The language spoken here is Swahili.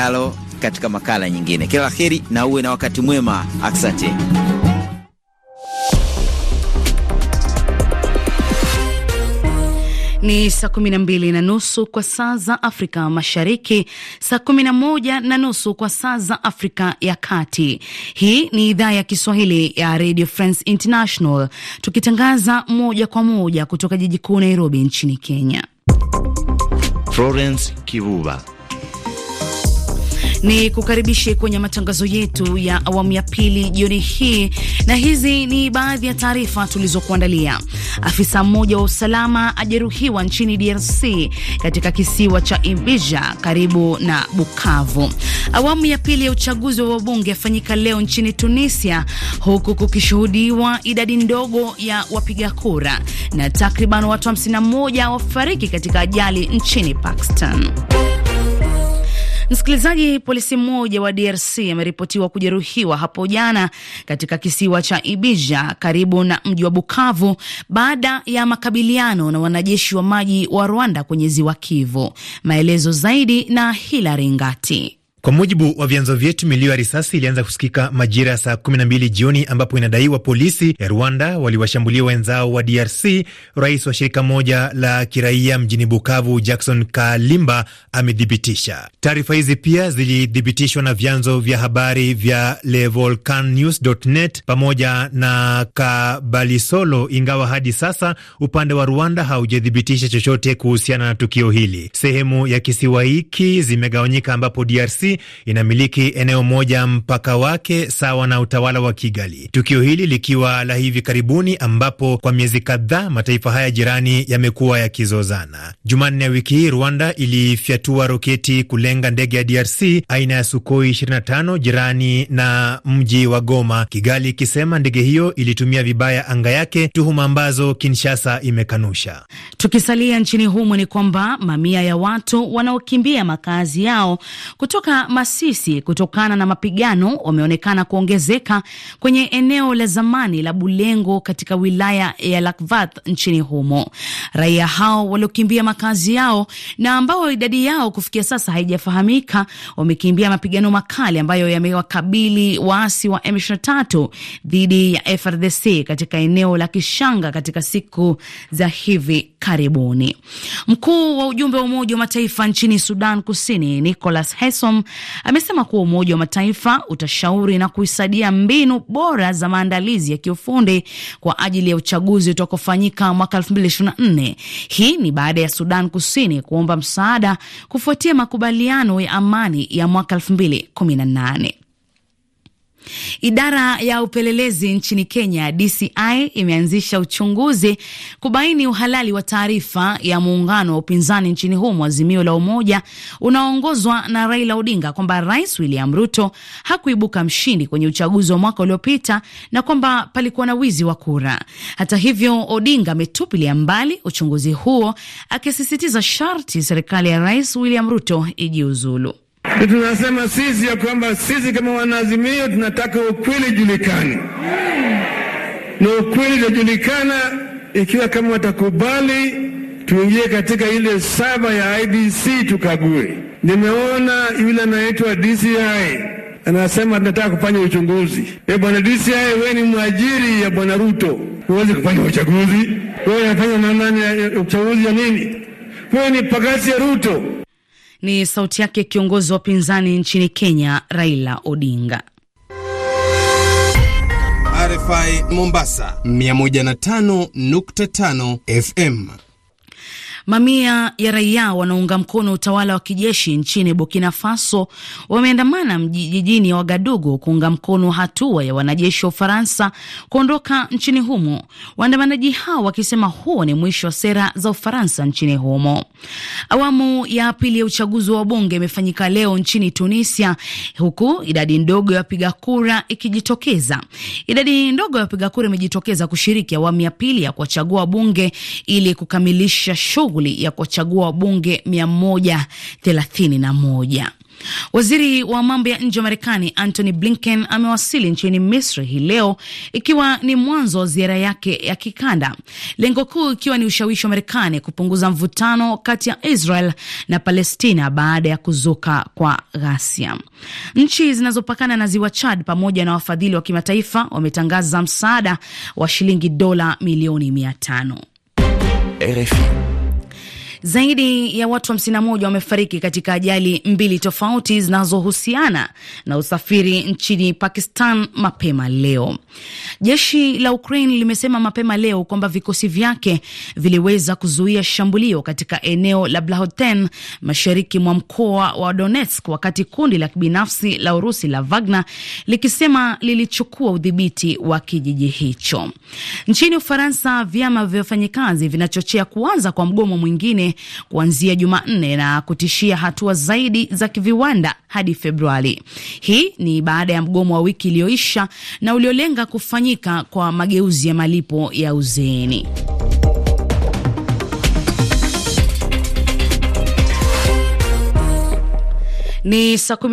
lijalo katika makala nyingine. Kila laheri na uwe na wakati mwema. Asante. Ni saa kumi na mbili na nusu kwa saa za Afrika Mashariki, saa kumi na moja na nusu kwa saa za Afrika ya Kati. Hii ni idhaa ya Kiswahili ya Radio France International, tukitangaza moja kwa moja kutoka jiji kuu Nairobi nchini Kenya. Florence Kivuva ni kukaribishe kwenye matangazo yetu ya awamu ya pili jioni hii, na hizi ni baadhi ya taarifa tulizokuandalia. Afisa mmoja wa usalama ajeruhiwa nchini DRC katika kisiwa cha Imbija karibu na Bukavu. Awamu ya pili ya uchaguzi wa wabunge afanyika leo nchini Tunisia, huku kukishuhudiwa idadi ndogo ya wapiga kura na takriban watu 51 wafariki katika ajali nchini Pakistan. Msikilizaji, polisi mmoja wa DRC ameripotiwa kujeruhiwa hapo jana katika kisiwa cha Ibija karibu na mji wa Bukavu baada ya makabiliano na wanajeshi wa maji wa Rwanda kwenye ziwa Kivu. Maelezo zaidi na Hilary Ngati. Kwa mujibu wa vyanzo vyetu, milio ya risasi ilianza kusikika majira ya saa 12 jioni, ambapo inadaiwa polisi ya Rwanda waliwashambulia wenzao wa DRC. Rais wa shirika moja la kiraia mjini Bukavu, Jackson Kalimba, amethibitisha taarifa hizi. Pia zilithibitishwa na vyanzo vya habari vya levolcannews.net pamoja na Kabalisolo, ingawa hadi sasa upande wa Rwanda haujathibitisha chochote kuhusiana na tukio hili. Sehemu ya kisiwa hiki zimegawanyika, ambapo DRC inamiliki eneo moja mpaka wake sawa na utawala wa Kigali, tukio hili likiwa la hivi karibuni ambapo kwa miezi kadhaa mataifa haya jirani yamekuwa yakizozana. Jumanne ya wiki hii Rwanda ilifyatua roketi kulenga ndege ya DRC aina ya Sukoi 25 jirani na mji wa Goma, Kigali ikisema ndege hiyo ilitumia vibaya anga yake, tuhuma ambazo Kinshasa imekanusha. Tukisalia nchini humo, ni kwamba mamia ya watu wanaokimbia makazi yao kutoka Masisi kutokana na mapigano wameonekana kuongezeka kwenye eneo la zamani la Bulengo katika wilaya ya lakvath nchini humo. Raia hao waliokimbia makazi yao na ambao idadi yao kufikia sasa haijafahamika wamekimbia mapigano makali ambayo yamewakabili waasi wa M23 dhidi ya FRDC katika eneo la Kishanga katika siku za hivi karibuni. Mkuu wa ujumbe wa Umoja wa Mataifa nchini Sudan Kusini Nicholas Hesom amesema kuwa Umoja wa Mataifa utashauri na kuisaidia mbinu bora za maandalizi ya kiufundi kwa ajili ya uchaguzi utakaofanyika mwaka 2024. Hii ni baada ya Sudan Kusini kuomba msaada kufuatia makubaliano ya amani ya mwaka 2018. Idara ya upelelezi nchini Kenya, DCI, imeanzisha uchunguzi kubaini uhalali wa taarifa ya muungano wa upinzani nchini humo, Azimio la Umoja, unaoongozwa na Raila Odinga, kwamba Rais William Ruto hakuibuka mshindi kwenye uchaguzi wa mwaka uliopita na kwamba palikuwa na wizi wa kura. Hata hivyo, Odinga ametupilia mbali uchunguzi huo, akisisitiza sharti serikali ya Rais William Ruto ijiuzulu. Tunasema sisi ya kwamba sisi kama wanaazimio tunataka ukweli julikani na ukweli utajulikana ikiwa kama watakubali tuingie katika ile saba ya IDC tukague. Nimeona yule anaitwa DCI anasema tunataka kufanya uchunguzi. E bwana DCI, wewe ni mwajiri ya bwana Ruto, huwezi kufanya uchaguzi. Wewe unafanya nani eh, uchaguzi ya nini? Wewe ni pagasi ya Ruto. Ni sauti yake kiongozi wa upinzani nchini Kenya, Raila Odinga. RFI Mombasa 105.5 FM. Mamia ya raia wanaunga mkono utawala wa kijeshi nchini Burkina Faso wameandamana jijini Wagadugu kuunga mkono hatua ya wanajeshi wa Ufaransa kuondoka nchini humo, waandamanaji hao wakisema huo ni mwisho wa sera za Ufaransa nchini humo. Awamu ya pili ya uchaguzi wa bunge imefanyika leo nchini Tunisia, huku idadi ndogo ya wapiga kura ikijitokeza. Idadi ndogo ya wapiga kura imejitokeza kushiriki awamu ya pili ya kuwachagua bunge ili kukamilisha show shughuli ya kuwachagua wabunge 131. Waziri wa mambo ya nje wa Marekani Antony Blinken amewasili nchini Misri hii leo ikiwa ni mwanzo wa ziara yake ya kikanda, lengo kuu ikiwa ni ushawishi wa Marekani kupunguza mvutano kati ya Israel na Palestina baada ya kuzuka kwa ghasia. Nchi zinazopakana na ziwa Chad pamoja na wafadhili wa kimataifa wametangaza msaada wa shilingi dola milioni mia tano. RFI zaidi ya watu 51 wamefariki katika ajali mbili tofauti zinazohusiana na usafiri nchini Pakistan mapema leo. Jeshi la Ukraine limesema mapema leo kwamba vikosi vyake viliweza kuzuia shambulio katika eneo la Blahoten mashariki mwa mkoa wa Donetsk, wakati kundi la kibinafsi la Urusi la Wagner likisema lilichukua udhibiti wa kijiji hicho. Nchini Ufaransa, vyama vya wafanyikazi vinachochea kuanza kwa mgomo mwingine kuanzia Jumanne na kutishia hatua zaidi za kiviwanda hadi Februari. Hii ni baada ya mgomo wa wiki iliyoisha na uliolenga kufanyika kwa mageuzi ya malipo ya uzeeni. Ni saa